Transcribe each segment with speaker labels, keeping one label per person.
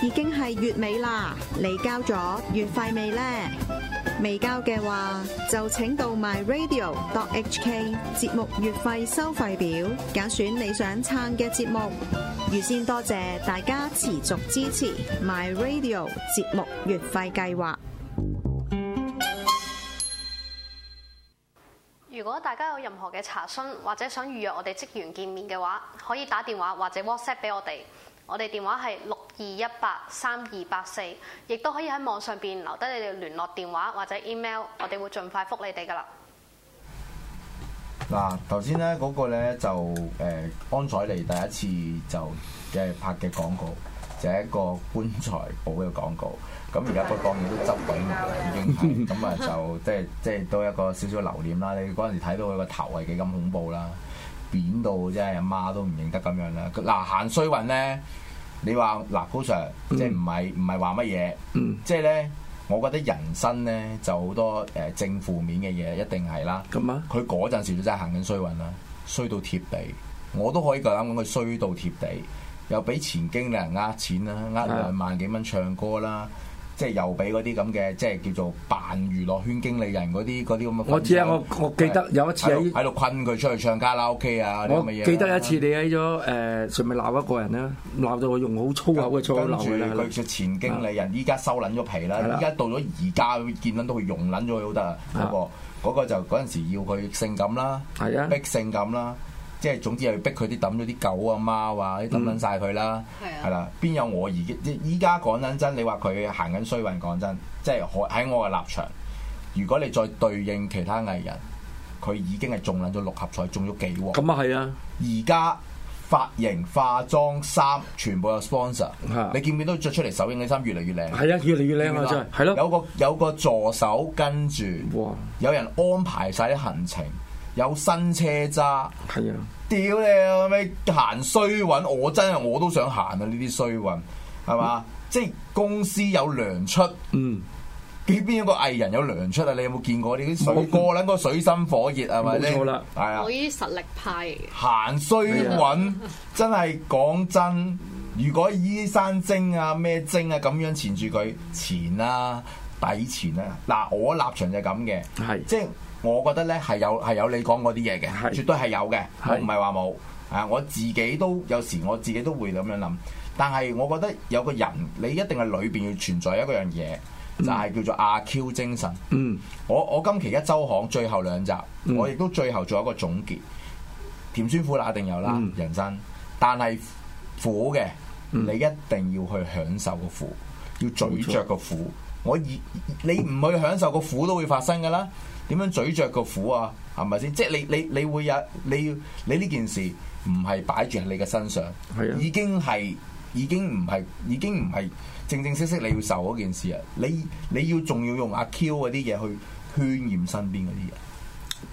Speaker 1: 已經係月尾啦，你交咗月費未呢？未交嘅話，就請到 myradio.hk 節目月費收費表，揀選你想撐嘅節目。預先多謝大家持續支持 myradio 節目月費計劃。如果大家有任何嘅查詢或者想預約我哋職員見面嘅話，可以打電話或者 WhatsApp 俾我哋。我哋電話係六。二一八三二八四，亦都可以喺網上邊留低你哋聯絡電話或者 email，我哋會盡快覆你哋噶啦。
Speaker 2: 嗱，頭先咧嗰個咧就誒安采妮第一次就嘅拍嘅廣告，就係一個棺材寶嘅廣告。咁而家不講亦都執鬼嚟啦，已經係咁啊！就即係即係多一個少少留念啦。你嗰陣時睇到佢個頭係幾咁恐怖啦，扁到真係阿媽都唔認得咁樣啦。嗱，行衰運咧～你話嗱，高 Sir，即係唔係唔係話乜嘢？即係咧，我覺得人生咧就好多誒、呃、正負面嘅嘢，一定係啦。咁啊！佢嗰陣時都真係行緊衰運啦，衰到貼地。我都可以夠膽講佢衰到貼地，又俾前經理人呃錢啦，呃兩萬幾蚊唱歌啦。即係又俾嗰啲咁嘅，即係叫做扮娛樂圈經理人嗰啲嗰啲咁嘅。我知啊，我
Speaker 3: 我記得有一次喺度困
Speaker 2: 佢出去唱卡拉 OK 啊啲咁嘅嘢。記得一
Speaker 3: 次你喺咗誒，上面鬧一個人咧？鬧到佢用好粗口嘅粗詞鬧佢啦。跟住佢前經理人，
Speaker 2: 依家的收捻咗皮啦。依家的到咗而家，見到都佢容捻咗佢都得啊。嗰的、嗰個、嗰個就嗰陣時要佢性感啦，逼的性感啦。即係總之係逼佢啲抌咗啲狗啊貓啊啲抌撚晒佢啦，係啦，邊、嗯、有我而依家講緊真？你話佢行緊衰運講真，即係喺我嘅立場。如果你再對應其他藝人，佢已經係中撚咗六合彩，中咗幾窩。咁啊係啊！而家髮型、化妝、衫全部有 sponsor，你見唔見到着出嚟？首映嘅衫越嚟越靚。係啊，越嚟越靚啊，真係。係咯，有個有個助手跟住，有人安排晒啲行程。有新車揸，係啊，屌你啊！咩行衰運？我真係我都想行啊！呢啲衰運，係嘛？即係公司有糧出，嗯，邊邊一個藝人有糧出啊？你有冇見過呢啲？我過諗個水深火熱係咪？冇好啦，係啊。我
Speaker 1: 啲實力派
Speaker 2: 行衰運，真係講真，如果依山精啊咩精啊咁樣纏住佢，纏啊，抵纏啊！嗱，我立場就係咁嘅，係即係。我覺得咧，係有係有你講嗰啲嘢嘅，是絕對係有嘅，是我唔係話冇。啊，我自己都有時我自己都會咁樣諗，但係我覺得有個人你一定係裏邊要存在一樣嘢，就係、是、叫做阿 Q 精神。嗯，我我今期一週刊最後兩集，嗯、我亦都最後做一個總結，甜酸苦辣一定有啦，嗯、人生。但係苦嘅，你一定要去享受個苦，要咀嚼個苦。我以你唔去享受個苦，都會發生噶啦。點樣咀嚼個苦啊？係咪先？即係你你你會有你你呢件事唔係擺住喺你嘅身上，係啊是的，已經係已經唔係已經唔係正正式式。你要受嗰件事啊！你你要仲要用阿 Q 嗰啲嘢去渲染身邊嗰啲人。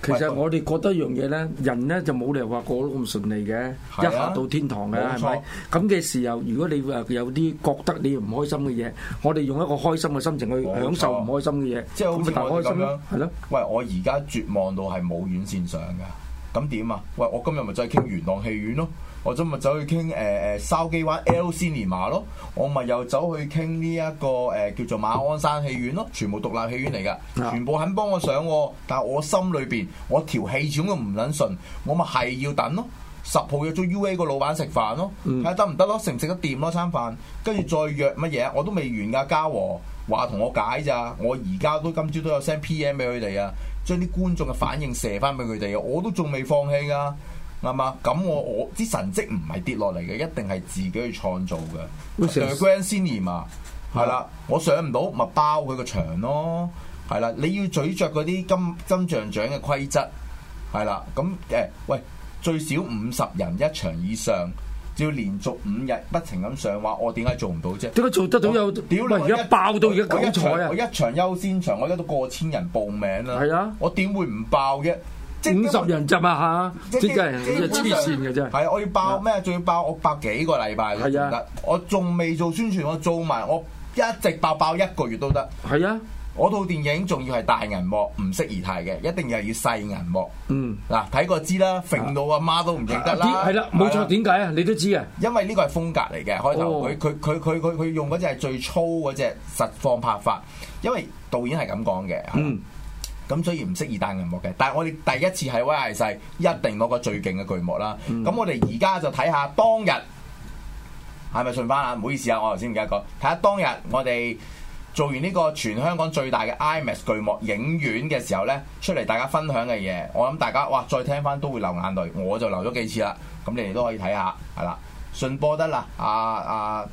Speaker 2: 其實
Speaker 3: 我哋覺得一樣嘢咧，人咧就冇理由話過得咁順利嘅，啊、一下到天堂嘅係咪？咁嘅錯時候，如果你話有啲覺得你唔開心嘅嘢，我哋用一個開心嘅心情去享受唔開心嘅嘢，錯即咁咪大開心咯，
Speaker 2: 係咯、啊。喂，我而家絕望到係冇院線上㗎，咁點啊？喂，我今日咪再傾元朗戲院咯。我今咪走去傾誒誒筲箕灣 L Cinema 咯，我咪又走去傾呢一個誒、呃、叫做馬鞍山戲院咯，全部獨立戲院嚟㗎， 全部肯幫我上我，但係我心裏邊我條氣始終都唔撚順，我咪係要等咯。十號約咗 UA 個老闆食飯咯，睇下得唔得咯，食唔食得掂咯餐飯，跟住再約乜嘢？我都未完㗎，嘉禾話同我解咋，我而家都今朝都有 send PM 俾佢哋啊，將啲觀眾嘅反應射翻俾佢哋啊，我都仲未放棄㗎、啊。啊咁我我啲神蹟唔係跌落嚟嘅，一定係自己去創造嘅。grand 先嚴啊，係啦，我上唔到咪包佢個場咯，係啦，你要咀嚼嗰啲金金像獎嘅規則，係啦，咁誒、欸、喂，最少五十人一場以上，只要連續五日不停咁上話，我點解做唔到啫？
Speaker 3: 點解做得到有屌你，我而家爆到而家咁九彩啊！我
Speaker 2: 一場優先場我而家都到過千人報名啦，係啊的，我點會唔爆嘅？五十人集啊嚇！即係黐線嘅啫。係。我要爆咩？仲要爆我爆幾個禮拜都得。是啊、我仲未做宣傳，我做埋，我一直爆爆一個月都得。係是啊！我套電影仲要係大銀幕，唔適宜睇嘅，一定係要細銀幕。嗯。嗱是、啊，睇過知啦，揈到阿媽都唔認得啦。係啦，冇錯。點解啊？你都知啊？因為呢個係風格嚟嘅，開頭佢佢佢佢佢佢用嗰隻係最粗嗰隻實況拍法，因為導演係咁講嘅。嗯。咁所以唔適宜大銀幕嘅，但係我哋第一次係威亞世，一定攞個最勁嘅巨幕啦。咁、嗯、我哋而家就睇下當日係咪順翻啊？唔好意思啊，我頭先唔記得講。睇下當日我哋做完呢個全香港最大嘅 IMAX 巨幕影院嘅時候呢，出嚟大家分享嘅嘢，我諗大家哇再聽翻都會流眼淚，我就流咗幾次啦。咁你哋都可以睇下，係啦，順波得啦，阿、啊、阿。啊。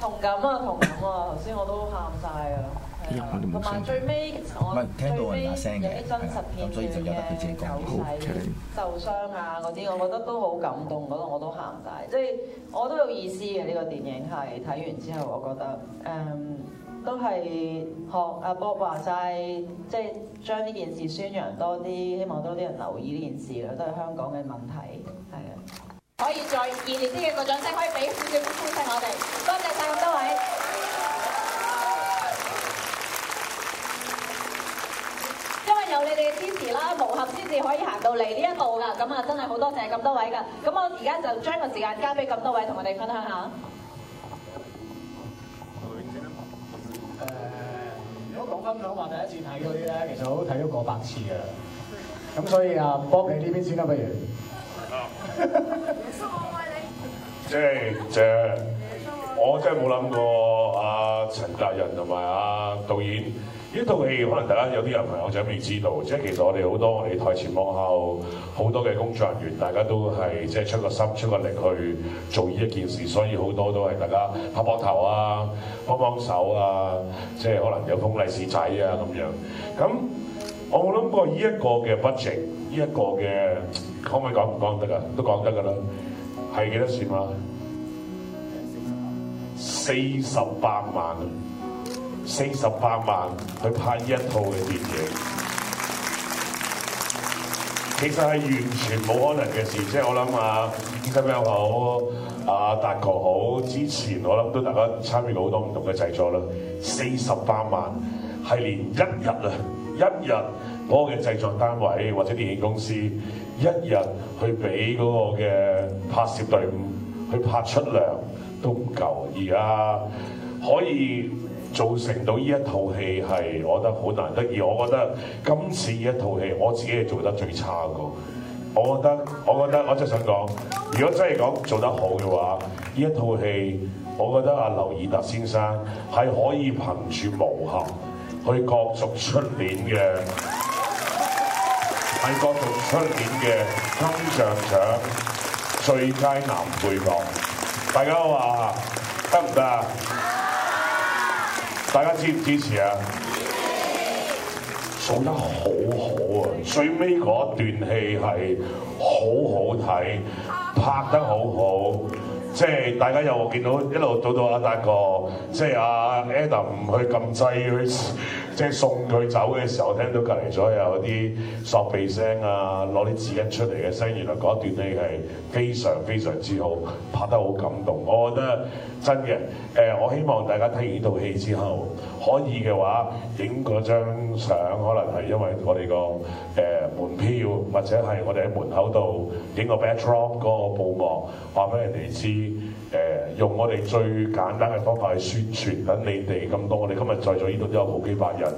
Speaker 4: 同感啊，同感啊！頭先我都喊晒 啊，同埋最尾其實我最尾後有啲
Speaker 3: 真
Speaker 5: 實
Speaker 1: 片段嘅，受傷啊嗰啲，我覺得都好感動，嗰度我都喊晒。即係我都有意思嘅呢、呢個電影，係睇完之後我覺得，誒、嗯、都係學阿 Bob 話齋，即係將呢件事宣揚多啲，希望多啲人留意呢件事啦，都係香港嘅問題，係啊。可以再熱烈啲嘅個掌聲，可以俾少少呼聲我哋。多謝晒咁多位，因為有你哋嘅支持啦，毛俠先至可以行到嚟呢一步㗎，咁啊真係好多謝咁多位㗎，咁我而家就將個時間交俾咁多
Speaker 4: 位同我哋分享下。誒、呃，如果講分享話，第一次睇嗰啲咧，其實我都睇咗過百次嘅，咁所以啊，幫你呢邊先啦，不如。
Speaker 6: 即係即係， 我真係冇諗過啊陳達仁同埋阿導演呢套戲，可能大家有啲人朋友仔未知道，即係其實我哋好多我哋台前幕後好多嘅工作人員，大家都係即係出個心出個力去做呢一件事，所以好多都係大家拍膊頭啊，幫幫手啊，即係可能有封利是仔啊咁樣。咁我冇諗過呢一個嘅 budget，呢一個嘅。可唔可以講，唔講得㗎？都講得噶啦，係幾多錢啊？四十八萬啊！四十八萬去拍呢一套嘅電影，其實係完全冇可能嘅事。即係我諗啊，金兵好，阿達哥好，之前我諗都大家參與過好多唔同嘅製作啦。四十八萬係連一日啊！一日嗰個嘅製作單位或者電影公司。一日去俾嗰個嘅拍攝隊伍去拍出糧都唔夠，而家可以做成到呢一套戲係，我覺得好難得。而我覺得今次一套戲，我自己係做得最差嘅。我覺得，我覺得，我真係想講，如果真係講做得好嘅話，呢一套戲，我覺得阿劉以達先生係可以憑住無恥去角逐出面嘅。喺嗰度出年嘅金像獎最佳男配角，大家話得唔得啊？大家支唔支持啊？做得好好啊！最尾嗰段戲係好好睇，拍得好好，即係大家又見到一路到到阿達哥，即係阿 Adam 唔去咁細即係送佢走嘅時候，聽到隔離左右嗰啲索鼻聲啊，攞啲紙巾出嚟嘅聲，原來嗰段戲係非常非常之好，拍得好感動。我覺得真嘅，誒，我希望大家睇完呢套戲之後，可以嘅話影嗰張相，可能係因為我哋個誒門票，或者係我哋喺門口度影個 Backdrop 嗰個布幕，話俾人哋知。誒、呃、用我哋最簡單嘅方法去宣傳，等你哋咁多。我哋今日在座呢度都有好幾百人，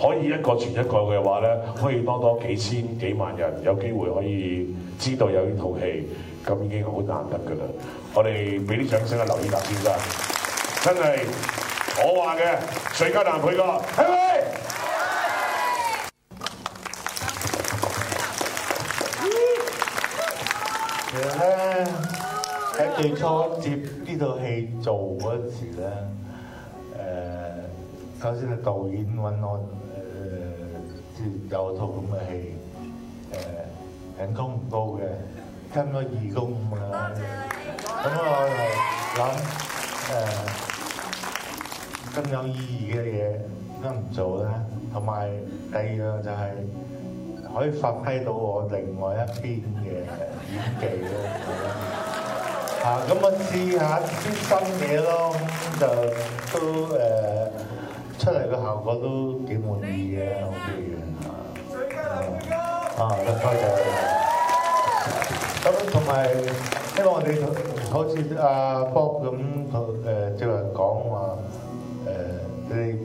Speaker 6: 可以一個傳一個嘅話咧，可以多多幾千幾萬人有機會可以知道有呢套戲，咁已經好難得噶啦。我哋俾啲掌聲啊，劉以達先生，真係，我話嘅水雞男配角。係咪？
Speaker 5: 喺最初接呢套戲做嗰時咧，誒、呃，首先係導演揾我誒，即、呃、有套咁嘅戲，誒、呃，人工唔高嘅，加個義工啊，咁、嗯、我就諗誒，更有意義嘅嘢都唔做啦。同埋第二樣就係、是、可以發揮到我另外一邊嘅演技咯。 啊，咁我試下啲新嘢咯，就都誒、呃、出嚟嘅效果都幾滿意嘅，我哋啊。啊，多謝。咁同埋，希望我哋好似阿 Bob 咁，誒即係講話誒，你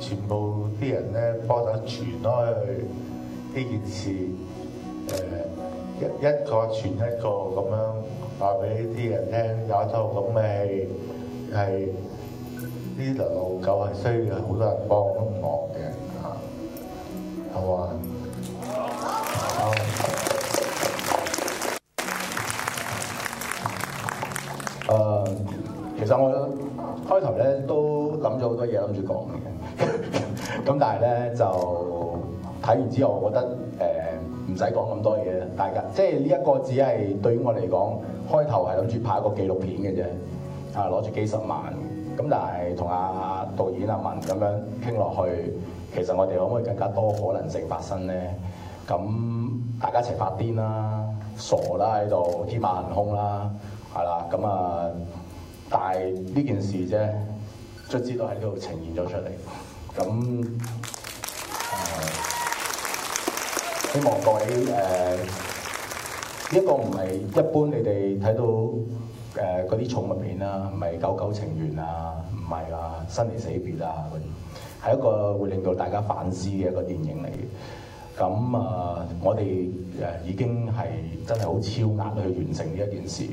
Speaker 5: 全部啲人咧幫手傳開去呢件事，誒、呃、一一個傳一個咁樣。話俾啲人聽，有一套咁嘅戲，係啲流浪狗係需要好多人幫，都唔惡嘅嚇。好啊。
Speaker 2: 誒，其實我開頭咧都諗咗好多嘢諗住講嘅，咁但係咧就睇完之後，我覺得誒。唔使講咁多嘢，大家即係呢一個只係對於我嚟講，開頭係諗住拍一個紀錄片嘅啫，啊攞住幾十萬，咁但係同阿導演阿文咁樣傾落去，其實我哋可唔可以更加多可能性發生咧？咁大家一齊發癲啦，傻啦喺度天馬行空啦，係啦，咁啊，但係呢件事啫，卒之都喺呢度呈現咗出嚟，咁。希望各位誒，呢、呃，這個唔係一般你哋睇到誒嗰啲寵物片啦，啊，唔係狗狗情緣啊，唔係啊，生離死別啊，咁係一個會令到大家反思嘅一個電影嚟嘅。咁啊，呃，我哋誒，呃、已經係真係好超額去完成呢一件事。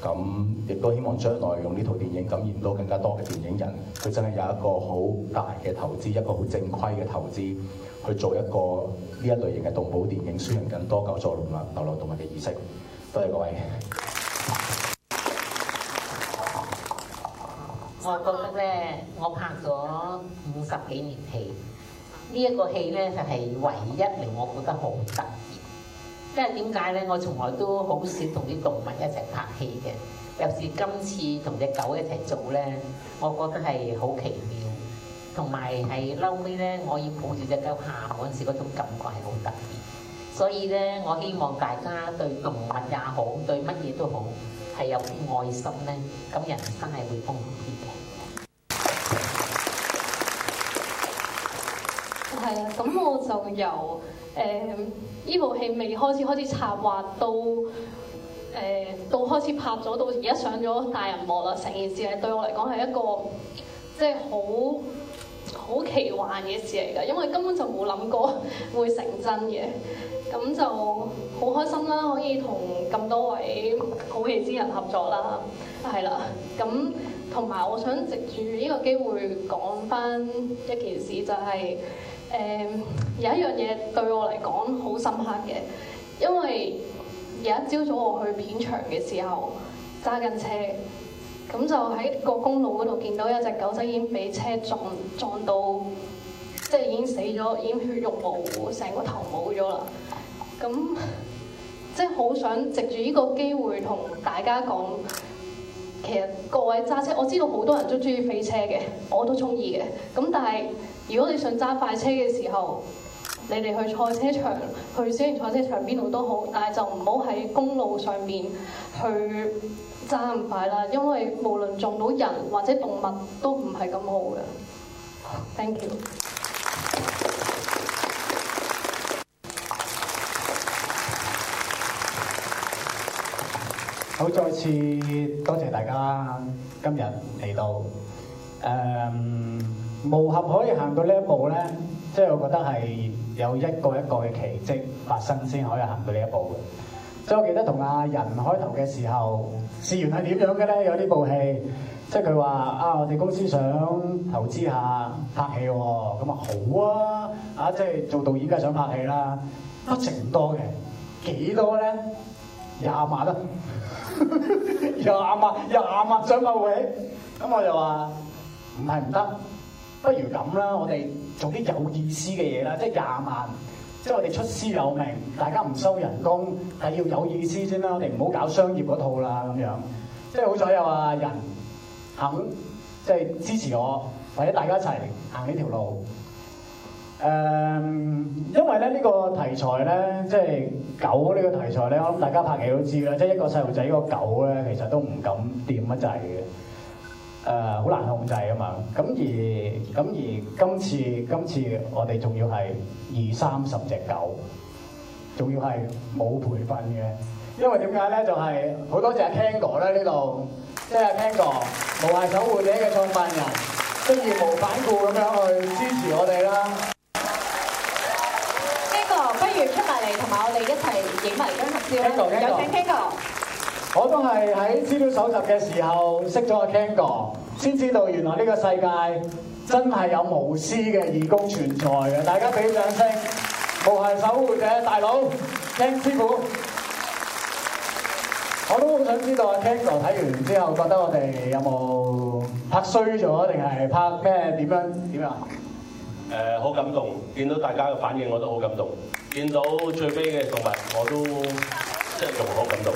Speaker 2: 咁亦都希望將來用呢套電影感染到更加多嘅電影人，佢真係有一個好大嘅投資，一個好正規嘅投資。去做一個呢一類型嘅動保電影，宣揚更多救助動物、流浪動物嘅意識。多謝各位。
Speaker 1: 我覺得咧，我拍咗五十幾年戲，呢一個戲咧就係唯一令我覺得好特別。因為點解咧？我從來都好少同啲動物一齊拍戲嘅，尤其是今次同隻狗一齊做咧，我覺得係好奇妙。同埋係嬲尾咧，我要抱住隻狗喊樓嗰時嗰種感覺係好特別，所以咧，我希望大家對動物也好，對乜嘢都好，係有啲愛心咧，咁人生係會豐富啲嘅。係啊，咁我就由誒呢、呃、部戲未開始開始策劃到誒、呃、到開始拍咗，到而家上咗大銀幕啦，成件事係對我嚟講係一個即係好。就是好奇幻嘅事嚟㗎，因為根本就冇諗過會成真嘅，咁就好開心啦，可以同咁多位好戲之人合作啦，係啦，咁同埋我想藉住呢個機會講翻一件事，就係、是、誒、呃、有一樣嘢對我嚟講好深刻嘅，因為有一朝早我去片場嘅時候揸緊車。咁就喺個公路嗰度見到有隻狗仔已經俾車撞撞到，即係已經死咗，已經血肉模糊，成個頭冇咗啦。咁即係好想藉住呢個機會同大家講，其實各位揸車，我知道好多人都中意飛車嘅，我都中意嘅。咁但係如果你想揸快車嘅時候，你哋去賽車場，去小型賽車場邊度都好，但係就唔好喺公路上面去揸唔快啦，因為無論撞到人或者動物都唔係咁好嘅。Thank you。
Speaker 4: 好，再次多謝大家今日嚟到。誒、嗯，毛俠可以行到呢一步咧，即係我覺得係。有一個一個嘅奇蹟發生先可以行到呢一步嘅，所以我記得同阿仁開頭嘅時候，事源係點樣嘅咧？有呢部戲，即係佢話啊，我哋公司想投資下拍戲喎、哦，咁啊好啊，啊即係做導演梗係想拍戲啦，一、啊、成多嘅，幾多咧？廿萬啦，廿萬廿萬想個位，咁我就話唔係唔得。不不如咁啦，我哋做啲有意思嘅嘢啦，即係廿萬，即係我哋出師有名，大家唔收人工，但係要有意思先啦，我哋唔好搞商業嗰套啦咁樣，即係好彩有啊人肯即係支持我，或者大家一齊行呢條路。誒、嗯，因為咧呢個題材咧，即係狗呢個題材咧，我諗大家拍戲都知啊！即係一個細路仔個狗咧，其實都唔敢掂乜滯嘅。誒好、呃、難控制啊嘛，咁而咁而今次今次我哋仲要係二三十隻狗，仲要係冇培訓嘅，因為點解咧？就係好多謝 K 哥咧呢度，即係 K 哥無限守護者嘅創辦人，都義無反顧咁樣去支持我哋啦。K 哥不如出埋嚟，同埋我哋一齊影埋張合照，K 哥，K 哥，
Speaker 1: 有請 K 哥。
Speaker 4: 我都係喺資料搜集嘅時候識咗阿 Ken 哥，先知道原來呢個世界真係有無私嘅義工存在嘅。大家俾掌聲！無限守護者大佬，Ken 師傅，我都好想知道阿 Ken 哥睇完之後覺得我哋有冇拍衰咗，定係拍咩點樣點樣？
Speaker 6: 誒，好、呃、感動！見到大家嘅反應，我都好感動。見到最悲嘅動物，我都真係仲好感動。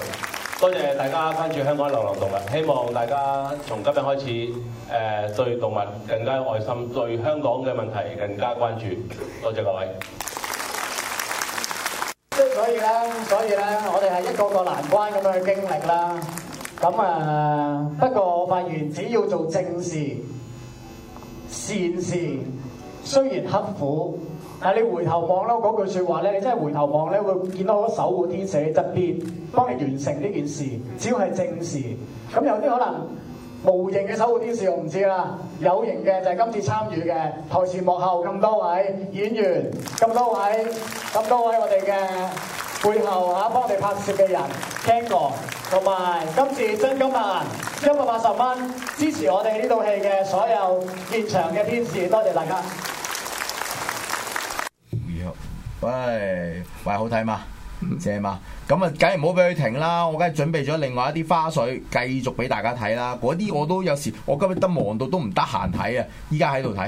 Speaker 6: 多謝大家關注香港流浪動物，希望大家從今日開始，誒、呃、對動物更加有愛心，對香港嘅問題更加關注。多謝各位。
Speaker 4: 所以呢，所以呢，我哋係一個個難關咁樣去經歷啦、啊。不過我發現，只要做正事、善事，雖然刻苦。嗱，但你回頭望啦，嗰句説話咧，你真係回頭望咧，會見到好多守護天使喺側邊，幫你完成呢件事。只要係正事，咁有啲可能無形嘅守護天使，我唔知啦。有形嘅就係今次參與嘅台前幕後咁多位演員，咁多位，咁多位，咁多位我哋嘅背後嚇幫我哋拍攝嘅人，聽過同埋今次真金白銀一百八十蚊支持我哋呢套戲嘅所有現場嘅天使，多謝大家。
Speaker 2: 喂，喂，好睇嘛？謝嘛？咁啊，梗係唔好俾佢停啦！我梗係準備咗另外一啲花絮，繼續俾大家睇啦。嗰啲我都有時，我今日得忙到都唔得閒睇啊！依家喺度睇。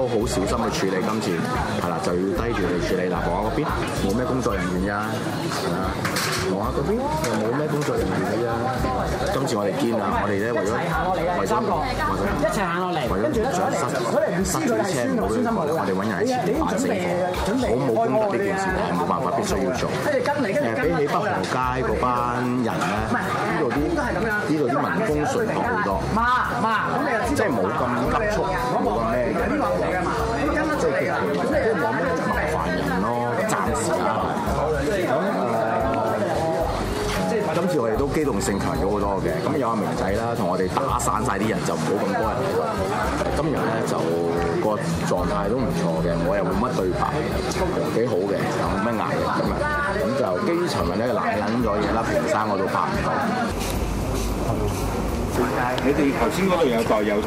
Speaker 2: 都好小心去處理今次，係啦，就要低調去處理。嗱，我嗰邊冇咩工作人員呀，我嗰邊又冇咩工作人員呀。今次我哋見啦，我哋咧為咗為三個，一齊行落嚟，為咗做失車，冇得
Speaker 4: 我哋揾人去前排死
Speaker 2: 火，好冇功德呢件事，係冇辦法必須要做。
Speaker 4: 比起北河
Speaker 2: 街嗰班人
Speaker 4: 咧，呢度啲呢度啲民工
Speaker 2: 順從好多，
Speaker 4: 媽媽，即係冇
Speaker 2: 咁急促，冇咁咩。機動性強咗好多嘅，咁有阿明仔啦，同我哋打散晒啲人就唔好咁多人啦。今日咧就個狀態都唔錯嘅，我又冇乜對白，幾好嘅，冇乜壓力。咁啊。咁就基於巡問咧，男人咗嘢啦，平生我都拍唔到。你哋頭先嗰度有代有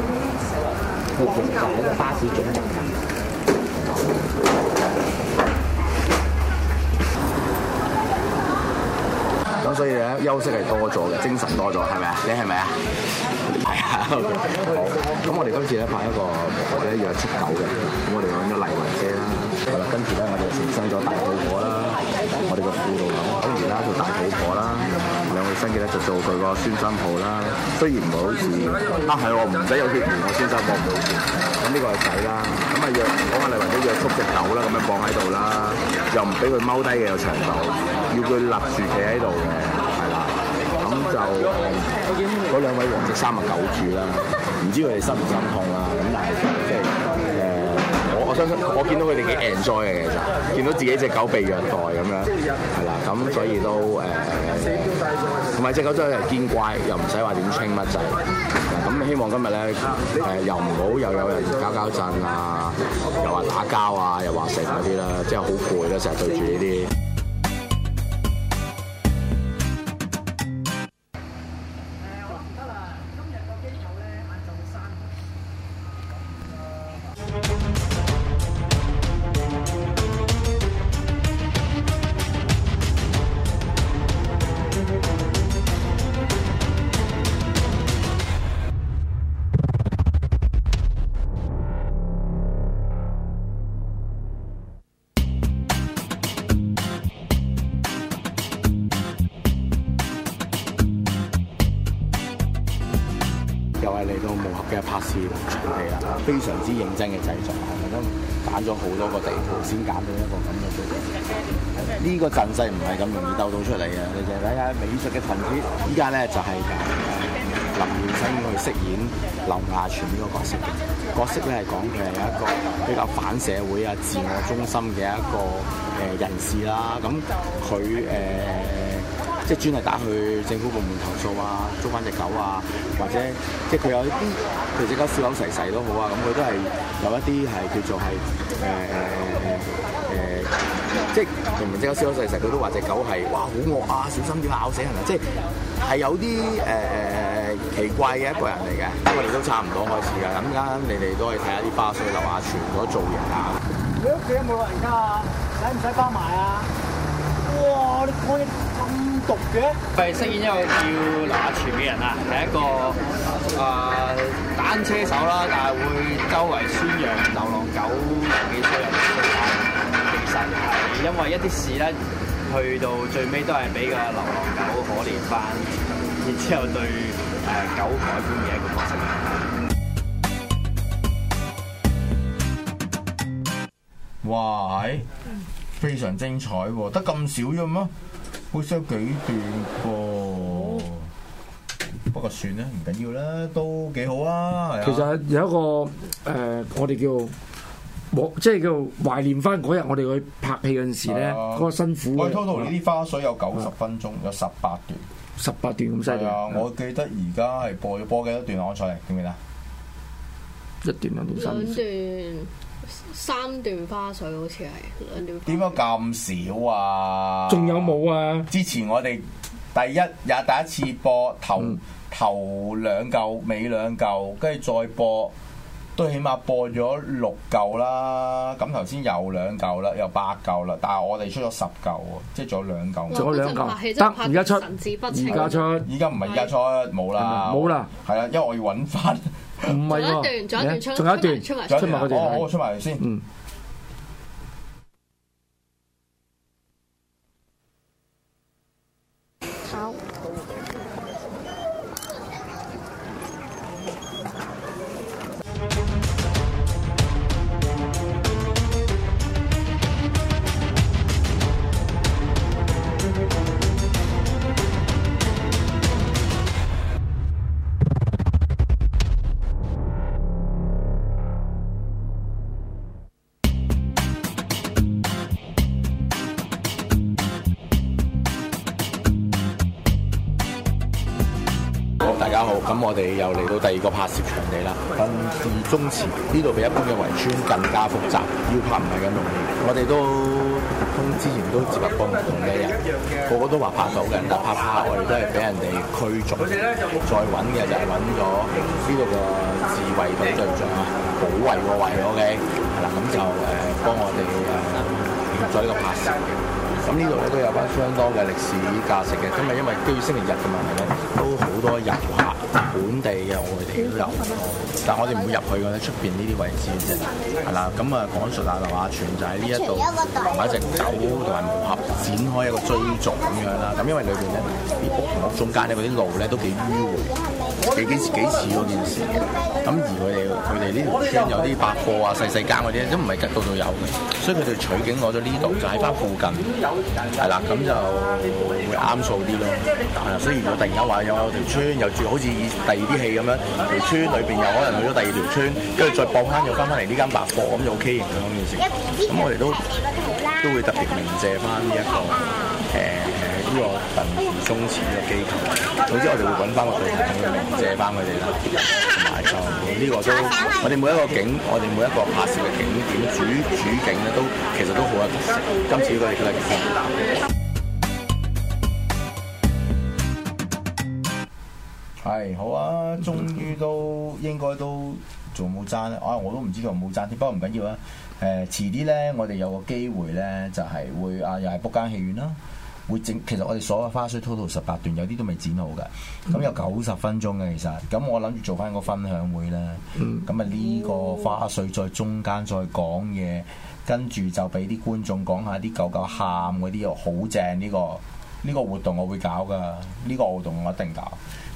Speaker 2: 副總裁喺巴士度？所以咧休息係多咗嘅，精神多咗，係咪啊？你係咪啊？係啊、 okay，咁我哋今次咧拍一個或者一樣出狗嘅，咁我哋揾咗黎文姐啦，跟住咧我哋就設生咗大肚婆啦，我哋個副導演，跟住咧做大肚婆啦，兩個星期咧就做佢個孫心抱啦，雖然唔係好似，但係我唔使有血緣，我孫生抱孫心抱唔好似。呢個係仔啦，咁啊約講下嚟話都約縮隻狗啦，咁啊放喺度啦，又唔俾佢踎低嘅，有長度，要佢立住企喺度嘅，係啦，咁就嗰兩位黃色衫嘅狗住啦，唔知佢哋心唔心痛啦，咁但係即係誒，我我相信我見到佢哋幾 enjoy 嘅其實，見到自己隻狗被虐待咁樣，係啦，咁所以都誒，同埋隻狗都係見怪，又唔使話點稱乜滯。咁希望今日咧，誒、呃、又唔好又有人搞搞震啊，又話打交啊，又話食嗰啲啦，即係好攰啦，成日對住呢啲。真嘅製作，係咪都揀咗好多個地圖先揀到一個咁嘅組
Speaker 5: 合？呢、這
Speaker 2: 個陣勢唔係咁容易兜到出嚟啊！你哋睇下，美術嘅份子依家咧就係、是、林元熙去飾演劉亞泉呢個角色。 角色咧係講嘅係一個比較反社會啊、自我中心嘅一個誒人士啦。咁佢誒。呃即係專係打去政府部門投訴啊，捉翻隻狗啊，或者即係佢有一啲佢即刻撕咬實實都好啊，咁佢都係有一啲係叫做係誒誒即係明明即刻撕咬實實，佢都話隻狗係哇好惡啊，小心點咬死人啊！即係係有啲誒誒奇怪嘅一個人嚟嘅，因為我哋都差唔多開始嘅，咁啱你哋都可以睇下啲花絮、留下全部都造型啊！你屋企有冇老人
Speaker 4: 家啊？使唔使包埋啊？哇！你讀嘅，佢係飾演一個
Speaker 2: 叫嗱阿全嘅人啊，係一個誒單車手啦，但係會周圍宣揚流浪狗有幾衰有幾衰。其實係因為一啲事咧，去到最尾都係俾個流浪狗可憐翻，然之後對誒狗改觀嘅一個角色。哇，係非常精彩喎，得咁少啫咩？播咗幾段噃？不過算啦，唔緊要啦，都幾好啊！其實
Speaker 5: 有
Speaker 3: 一個誒、呃，我哋叫即係叫懷念翻嗰日我哋去拍戲嗰陣時咧，嗰、啊、個辛苦。喂，滔滔，呢啲
Speaker 2: 花絮有九十分鐘，啊、有、啊、十八段，十八段咁犀利啊，啊我記得而家係播咗播幾多段，啊？安采嚟，記唔記得？一段兩段三段。
Speaker 1: 三段花絮
Speaker 2: 好似係兩段。點解咁少啊？仲有冇啊？之前我哋第一日第一次播頭頭兩嚿、尾兩嚿，跟住再播，都起碼播咗六嚿啦。咁頭先有兩嚿啦，有八嚿啦。但係我哋出咗十嚿喎，即係仲有兩嚿。仲有兩嚿。得，而家出，而家出，而家唔係而家出，冇啦。冇啦。係啊，因為我要搵翻。唔係喎，仲有一段，
Speaker 3: 仲有一段出埋，出埋，出埋嗰段，我出埋先，嗯。
Speaker 2: 大家好，咁我哋又嚟到第二個拍攝場地啦。
Speaker 3: 鄧氏
Speaker 2: 宗祠呢度比一般嘅圍村更加複雜，要拍唔係咁容易。我哋都通知完都接獲唔同嘅人，個個都話拍到嘅，但拍拍我哋都係俾人哋驅逐。再揾嘅就係揾咗呢度個自衛隊隊長啊，保衞個圍，OK，係啦，咁就誒幫我哋誒解決咗呢個拍攝。咁呢度咧都有班相當嘅歷史價值嘅，咁啊因為基於星期日嘅問題咧，都好多遊客，本地嘅外地嘅都嚟，但係我哋唔會入去㗎咧，出邊呢啲位置啫，係啦，咁啊講述下就馬全就喺呢一度買隻狗同埋毛俠，展開一個追逐咁樣啦，咁因為裏邊咧啲紅屋中間咧嗰啲路咧都幾迂迴。幾幾似嗰件事嘅，咁、啊、而佢哋佢哋呢條村有啲百貨啊、細細間嗰啲都唔係吉度都有嘅，所以佢哋取景攞咗呢度就喺翻附近，係啦，咁就會啱數啲咯。啊，所以如果突然間話有條村又住好似以第二啲戲咁樣，條村裏邊又可能去咗第二條村，跟住再幫襯又翻翻嚟呢間百貨，咁就 OK 型嗰件事。咁我哋都都會特別鳴謝翻呢一個。誒呢個貧窮錢嘅機構，總之我哋會揾翻個對象，借翻佢哋啦。同埋呢個都，我哋每一個景，我哋每一個拍攝嘅景點主主景咧，都其實都好啊。今次呢個係幾特別。係好啊，終於都應該都仲冇爭啊！我都唔知佢有冇爭添，不過唔緊要啊。誒遲啲咧，我哋有個機會咧，就係會啊，又係 book 間戲院啦。會整，其實我哋所有花絮 total 十八段，有啲都未剪好嘅，咁有九十分鐘嘅其實，咁我諗住做翻個分享會啦，咁啊呢個花絮再中間再講嘢，跟住就俾啲觀眾講下啲狗狗喊嗰啲又好正呢個，呢個活動我會搞噶，呢個活動我一定搞。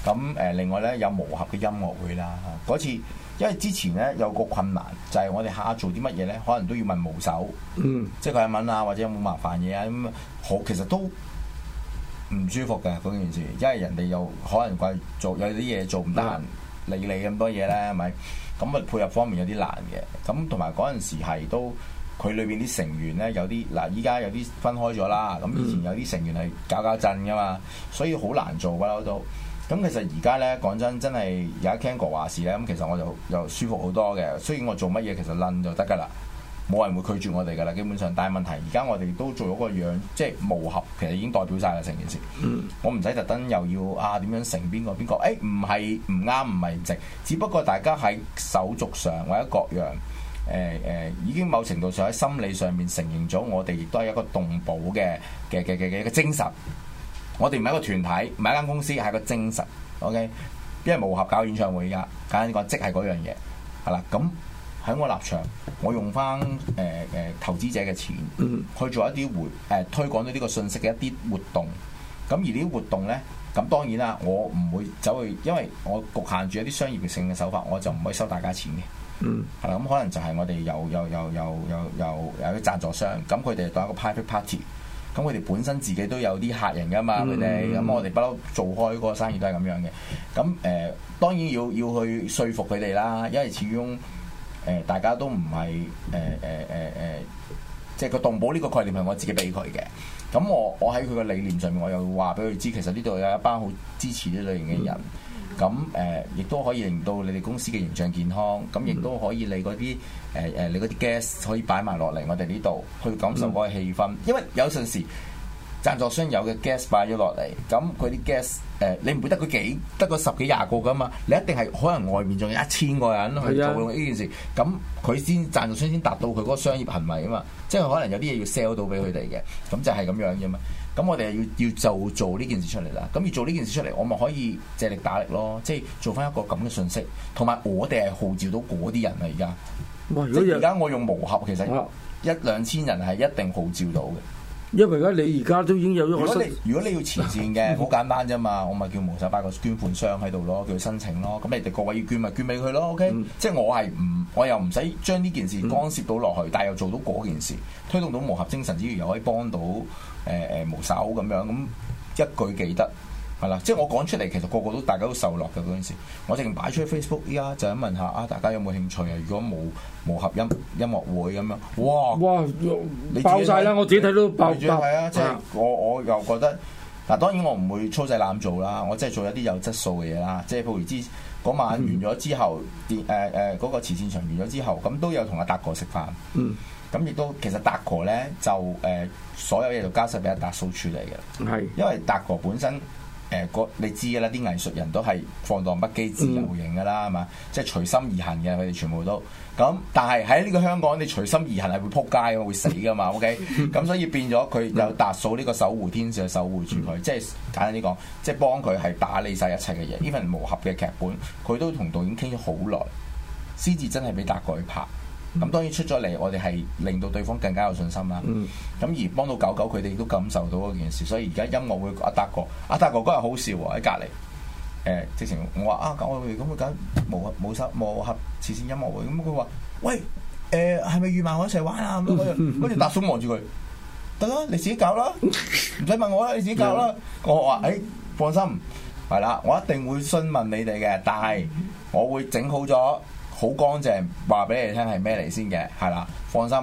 Speaker 2: 咁誒另外呢，有毛俠嘅音樂會啦，嗰次。因為之前咧有個困難，就係、是、我哋下下做啲乜嘢咧，可能都要問無手，嗯、即係佢問啊，或者有冇麻煩嘢啊，咁，好其實都唔舒服嘅嗰件事，因為人哋又可能怪做有啲嘢做唔得，人、嗯、理你咁多嘢咧，係咪？咁啊配合方面有啲難嘅，咁同埋嗰陣時係都佢裏邊啲成員咧有啲嗱，依家有啲分開咗啦，咁以前有啲成員係搞搞震噶嘛，所以好難做噶都。咁其實而家咧講真，真係有一 Ken 哥話事咧，咁其實我就又舒服好多嘅。雖然我做乜嘢，其實撚就得㗎喇，冇人會拒絕我哋㗎喇，基本上。但係問題而家我哋都做咗個樣，即係磨合，其實已經代表晒啦成件事。嗯、我唔使特登又要啊點樣成邊個邊個？誒唔係唔啱唔係值，只不過大家喺手續上或者各樣誒誒、欸欸，已經某程度上喺心理上面承認咗我哋亦都係一個動保嘅嘅嘅嘅嘅一個精神。我哋唔係一個團體，唔係一間公司，係一個精神，OK？因為無合搞演唱會而家，簡單講，即係嗰樣嘢，係啦。咁喺我立場，我用翻誒誒投資者嘅錢去做一啲活誒推廣到呢個信息嘅一啲活動。咁而呢啲活動咧，咁當然啦，我唔會走去，因為我局限住一啲商業性嘅手法，我就唔可以收大家錢嘅。係啦、嗯，咁可能就係我哋又有有有有有啲贊助商，咁佢哋當一個 private party。咁佢哋本身自己都有啲客人噶嘛，佢哋咁我哋不嬲做開嗰個生意都係咁樣嘅。咁誒、呃、當然要要去說服佢哋啦，因為始終誒、呃、大家都唔係誒誒誒誒，即係個動保呢個概念係我自己俾佢嘅。咁我我喺佢個理念上面，我又話俾佢知，其實呢度有一班好支持呢類型嘅人。Mm hmm. 咁誒，亦都、呃、可以令到你哋公司嘅形象健康，咁亦都可以你嗰啲誒誒，你嗰啲 guest 可以擺埋落嚟我哋呢度，去感受嗰個氣氛。嗯、因為有陣時贊助商有嘅 guest 擺咗落嚟，咁佢啲 guest 你唔會得佢幾得個十幾廿個噶嘛，你一定係可能外面仲有一千個人去做呢件事，咁佢先贊助商先達到佢嗰個商業行為啊嘛，即係可能有啲嘢要 sell 到俾佢哋嘅，咁就係咁樣啫嘛。咁我哋要要就做呢件事出嚟啦。咁要做呢件事出嚟，我咪可以借力打力咯。即係做翻一個咁嘅信息，同埋我哋係號召到嗰啲人啦。而家即係而家我用毛俠，其實一兩千人係一定號召到嘅。
Speaker 3: 因為而家你而家都已經有咗我，
Speaker 2: 如果你要前線嘅好簡單啫嘛，我咪叫無手擺個捐款箱喺度咯，叫佢申請咯。咁你哋各位要捐咪捐俾佢咯，OK、嗯。即係我係唔，我又唔使將呢件事干涉到落去，但係又做到嗰件事，推動到毛俠精神之餘，又可以幫到誒誒、呃、無手咁樣，咁一句記得。係啦，即係我講出嚟，其實個個都大家都受落嘅嗰陣時我，我直情擺出 Facebook 依家就想問，問下啊，大家有冇興趣啊？如果冇冇合音音樂會咁樣，
Speaker 3: 哇哇、呃、你爆曬啦！我自己睇
Speaker 2: 都爆曬爆啊！即、就、係、是、我我又覺得嗱、啊啊，當然我唔會粗製濫做啦，我即係做一啲有質素嘅嘢啦。即係譬如之嗰晚完咗之後，電誒誒嗰個慈善場完咗之後，咁都有同阿達哥食飯。嗯，咁亦、嗯、都其實達哥咧就誒、呃、所有嘢就交晒俾阿達嫂處理嘅，係因為達哥本身。誒、呃、你知㗎啦，啲藝術人都係放蕩不羈、自由型㗎啦，係嘛？即係隨心而行嘅，佢哋全部都咁。但係喺呢個香港，你隨心而行係會撲街㗎，會死㗎嘛？OK？咁、 嗯、所以變咗佢有達數呢個守護天使守護住佢，即係簡單啲講，即係幫佢係打理晒一切嘅嘢。呢份毛俠嘅劇本，佢都同導演傾咗好耐，先至真係俾達哥去拍。咁當然出咗嚟，我哋係令到對方更加有信心啦。咁而幫到狗狗佢哋亦都感受到嗰件事，所以而家音樂會阿、啊、達哥，阿、啊、達哥嗰日好笑喎、哦、喺隔籬。誒、欸，直情我話啊，搞我哋咁，我搞無無收無合慈善音樂會，咁佢話：，喂、啊，誒係咪預埋我一齊玩啊？咁嗰日，跟住達叔望住佢，得啦、啊，你自己搞啦，唔使問我啦，你自己搞啦。我話：，誒、欸，放心，係啦、啊，我一定會詢問你哋嘅，但係我會整好咗。好乾淨，話俾你哋聽係咩嚟先嘅？係啦，放心，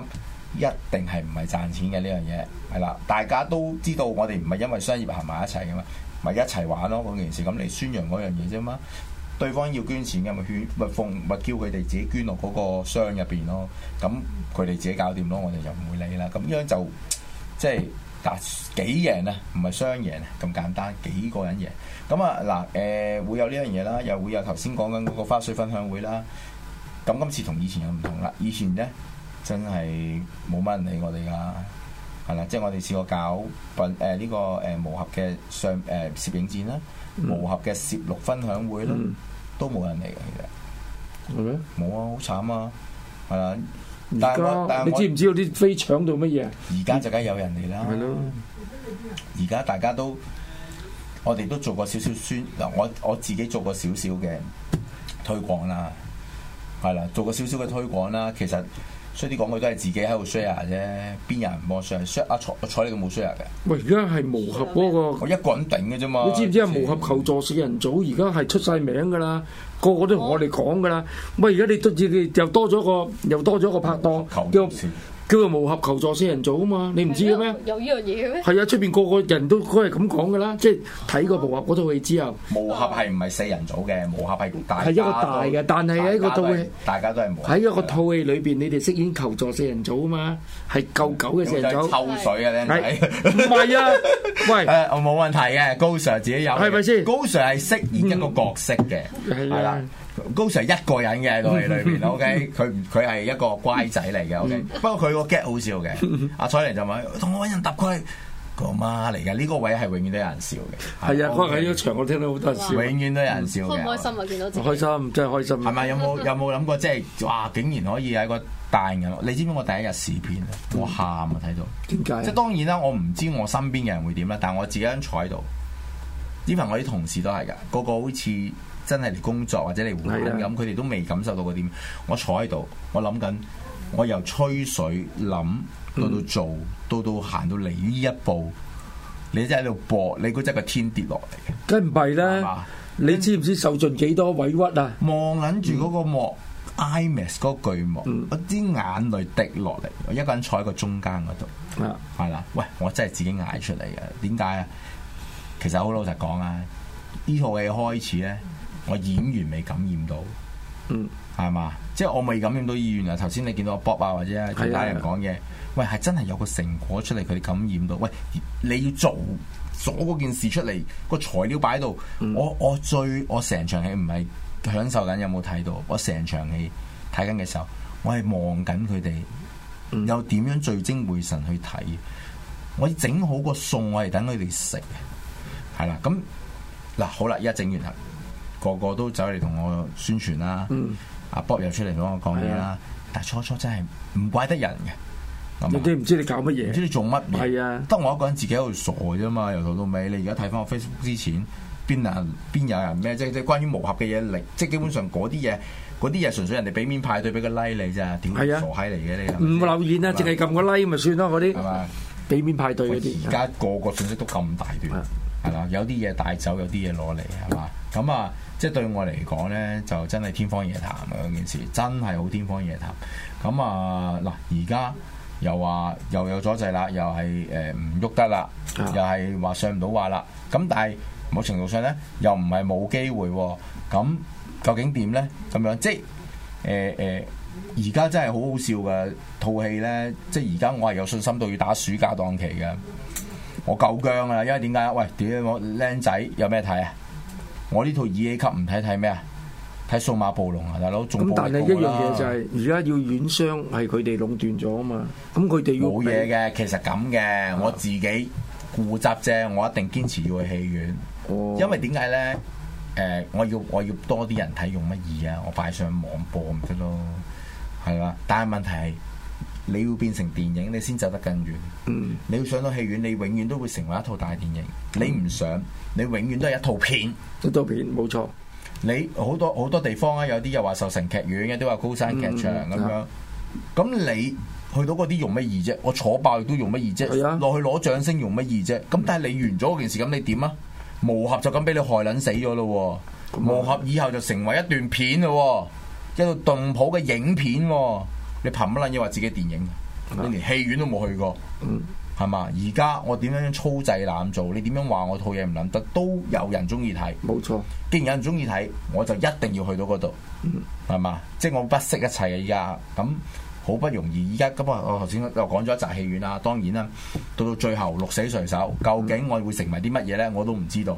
Speaker 2: 一定係唔係賺錢嘅呢樣嘢？係啦，大家都知道我哋唔係因為商業行埋一齊嘅嘛，咪一齊玩咯，嗰件事咁你宣揚嗰樣嘢啫嘛。對方要捐錢嘅咪勸咪奉咪叫佢哋自己捐落嗰個箱入邊咯。咁佢哋自己搞掂咯，我哋就唔會理啦。咁樣就即係嗱幾贏啊，唔係雙贏咁簡單，幾個人贏。咁啊嗱誒會有呢樣嘢啦，又會有頭先講緊嗰個花水分享會啦。咁今次同以前又唔同啦，以前咧真係冇乜人理我哋噶，係啦，即係我哋試過搞份誒呢個誒毛俠嘅上誒攝影展啦，毛俠嘅攝錄分享會啦，嗯、都冇人嚟嘅，其實冇的啊，好慘啊，係啦在，但係我你知唔知
Speaker 3: 道啲飛搶到乜嘢？而
Speaker 2: 家就梗有人嚟啦，係咯、嗯，而家大家都我哋都做過少少宣嗱，我我自己做過少少嘅推廣啦。係啦，做個少少嘅推廣啦。其實衰啲講，佢都係自己喺度 share 啫。邊有人幫 share？share 阿采
Speaker 3: 阿采，你都冇 share 嘅。喂，而家係毛俠嗰個，我一個人頂嘅啫嘛。你知唔知啊？毛俠求助死人組而家係出晒名㗎啦，個個都同我哋講㗎啦。喂、嗯，而家你都你哋又多咗一個，又多咗一個拍檔叫。叫做毛俠求助四人組啊嘛，你唔知嘅
Speaker 1: 咩？
Speaker 3: 有呢樣嘢嘅咩？係啊，出面個
Speaker 2: 個人都都係咁
Speaker 3: 講嘅啦，即係睇個毛俠嗰套戲之後。毛
Speaker 2: 俠係唔係四人組嘅，毛俠係大高 Sir 一個人嘅喺度裏面，OK，佢佢係一個乖仔嚟嘅，OK。不過佢個 get 好笑嘅，阿彩玲就問：同我揾人揼骨，個媽嚟嘅呢個位係永遠都有人笑嘅。
Speaker 3: 係啊，嗰陣喺咗場，我聽到好多
Speaker 2: 笑，永遠都有人笑。開唔開心啊？見到自己開心，真係開心。係咪有冇有冇諗過？即係哇！竟然可以喺個大人，你知唔知我第一日試片我喊啊！睇到點解？即係當然啦，我唔知我身邊嘅人會點啦，但我自己喺坐喺度，因為我啲同事都係㗎，個個好似。真係嚟工作或者嚟換緊咁，佢哋是的 都未感受到嗰點。我坐喺度，我諗緊，我由吹水諗到到做，嗯、到到行到嚟呢一步，你真係喺度播，你嗰真個天跌落嚟嘅。梗唔係啦，你知唔知受盡幾多委屈啊？望緊住嗰個幕、嗯、IMAX 嗰個巨幕，一啲、嗯、眼淚滴落嚟。我一個人坐喺個中間嗰度，係啦是的 的。喂，我真係自己捱出嚟嘅。點解啊？其實好老實講啊，呢套戲開始咧。我演員未感染到，嗯，係嘛？即係我未感染到演員啊。頭先你見到我 b o 啊，或者其他人講嘅。的喂，係真係有個成果出嚟，佢哋感染到。喂，你要做咗嗰件事出嚟，那個材料擺喺度，嗯，我最我最我成場戲唔係享受緊，有冇睇到？我成場戲睇緊嘅時候，我係望緊佢哋，又點樣聚精會神去睇，嗯。我整好個餸，我係等佢哋食嘅，係啦。咁嗱，好啦，而家整完啦。個個都走嚟同我宣傳啦，阿博又出嚟幫我講嘢啦。但初初真係唔怪得人嘅，自己唔知你搞乜嘢，唔知你做乜嘢。得我一個人自己喺度傻啫嘛。由頭到尾，你而家睇翻我 Facebook 之前，邊人邊有人咩？即即關於毛俠嘅嘢，嚟，即基本上嗰啲嘢，嗰啲嘢純粹人哋俾面派對俾個 like 你啫。點會傻閪嚟嘅你？唔留言啊，淨係
Speaker 3: 撳個 like 咪算咯。嗰啲俾面派對嗰啲，而家
Speaker 2: 個個信息都咁大段，係啦。有啲嘢帶走，有啲嘢攞嚟，係嘛？咁啊。即係對我嚟講呢，就真係天方夜譚啊！嗰件事真係好天方夜譚。咁啊嗱，而家又話又有阻滯啦，又係誒唔喐得啦，又係話上唔到話啦。咁但係某程度上呢，又唔係冇機會喎，啊。咁究竟點呢？咁樣即係誒誒，而、呃、家、呃、真係好好笑嘅套戲呢。即係而家我係有信心到要打暑假檔期嘅，我夠薑啦。因為點解啊？喂，屌我靚仔有咩睇啊？我呢套二 A 級唔睇，睇咩啊？睇數碼暴龍暴、就是、啊，大佬。咁但係一樣嘢就係，
Speaker 3: 而家要院商係佢哋壟斷咗啊嘛。咁佢哋冇嘢嘅，其實咁嘅。
Speaker 2: 啊、我自己固執啫，我一定堅持要去戲院。哦、因為點解咧？誒、呃，我要我要多啲人睇用乜嘢啊？我擺上網播唔得咯，係啦。但係問題係。你要變成電影，你先走得更遠。嗯、你要上到戲院，你永遠都會成為一套大電影。嗯、你唔上，你永遠都係一套片。一套片，冇錯。你好多好多地方咧，有啲又話受成劇院嘅，都話高山劇場咁、嗯、樣。咁的你去到嗰啲容乜易啫？我坐爆亦都容乜易啫？落的去攞掌聲容乜易啫？咁的但係你完咗件事咁，你點啊？無合就咁俾你害撚死咗咯喎！無合以後就成為一段片咯喎，一個動譜嘅影片喎。你憑乜撚嘢話自己電影？你連戲院都冇去過，係嘛、嗯？而家我點樣粗製濫造？你點樣話我套嘢唔諗得？都有人中意睇，冇錯。既然有人中意睇，我就一定要去到嗰度，係嘛、嗯？即係我不惜一切啊！依家咁好不容易，依家咁我頭先又講咗一集戲院啦。當然啦，到到最後鹿死誰手，究竟我會成為啲乜嘢呢？我都唔知道。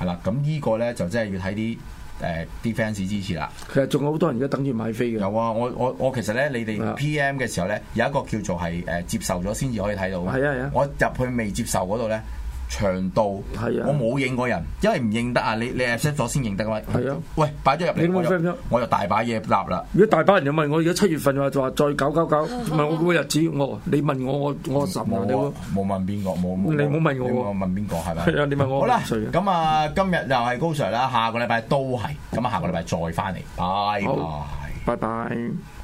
Speaker 2: 係啦，咁呢個呢，就真係要睇啲。誒啲 fans 支持啦，其
Speaker 3: 實仲有好多人而家等住買飛嘅。有啊，我我
Speaker 2: 我其實咧，你哋 PM 嘅時候咧，有一個叫做係誒、呃、接受咗先至可以睇到。係啊係啊，啊我入去未接受嗰度咧。長度，我冇影過人，因為唔認得啊！你你 accept 咗先認得啊？嘛係啊！喂，擺咗入嚟，我又我又大把嘢答啦！
Speaker 3: 如果大把人，就問我而家七月份話就話再搞搞搞，唔係我個日子，我你問我我我神我哋冇冇問
Speaker 2: 邊個冇？你冇問我喎？問邊個係咪？係啊！你問我好啦，咁啊今日又係高 Sir 啦，
Speaker 5: 下個禮拜都係，咁啊下個禮拜再翻嚟，拜拜，拜拜。